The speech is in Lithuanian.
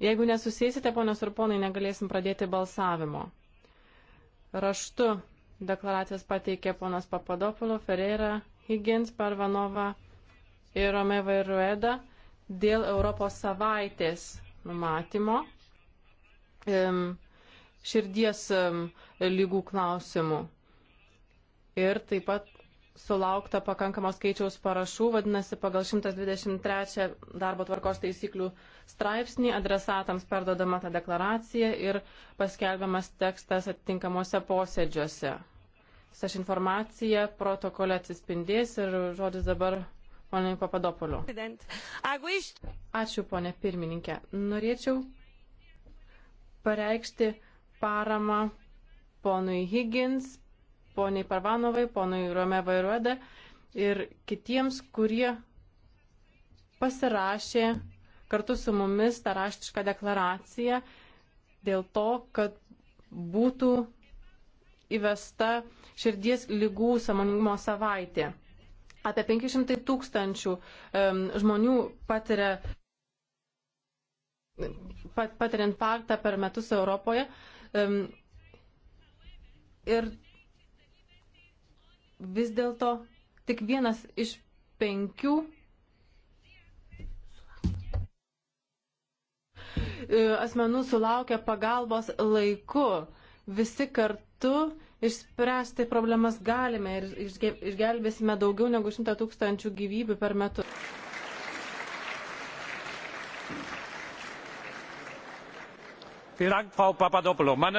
Jeigu nesusėsite, ponios ir ponai, negalėsim pradėti balsavimo. Raštu deklaracijas pateikė ponas Papadopulo, Ferreira, Higgins, Parvanova ir Romeva ir Rueda dėl Europos savaitės numatymo širdies lygų klausimų. Ir taip pat sulaukta pakankamos skaičiaus parašų, vadinasi, pagal 123 darbo tvarkos taisyklių straipsnį adresatams perdodama ta deklaracija ir paskelbiamas tekstas atitinkamuose posėdžiuose. Visa ši informacija protokole atsispindės ir žodis dabar poniai Papadopoliu. Ačiū, ponė pirmininkė. Norėčiau pareikšti paramą ponui Higgins, poniai Parvanovai, ponui Romeva ir Ruede ir kitiems, kurie pasirašė kartu su mumis tą raštišką deklaraciją dėl to, kad būtų įvesta širdies lygų samoningumo savaitė. Apie 500 tūkstančių um, žmonių patiria pat, patiria infarktą per metus Europoje. Um, ir vis dėlto tik vienas iš penkių e, asmenų sulaukia pagalbos laiku. Visi kartu išspręsti problemas galime ir išgelbėsime daugiau negu 100 tūkstančių gyvybių per metus. Vielen Dank, Frau Papadopoulou.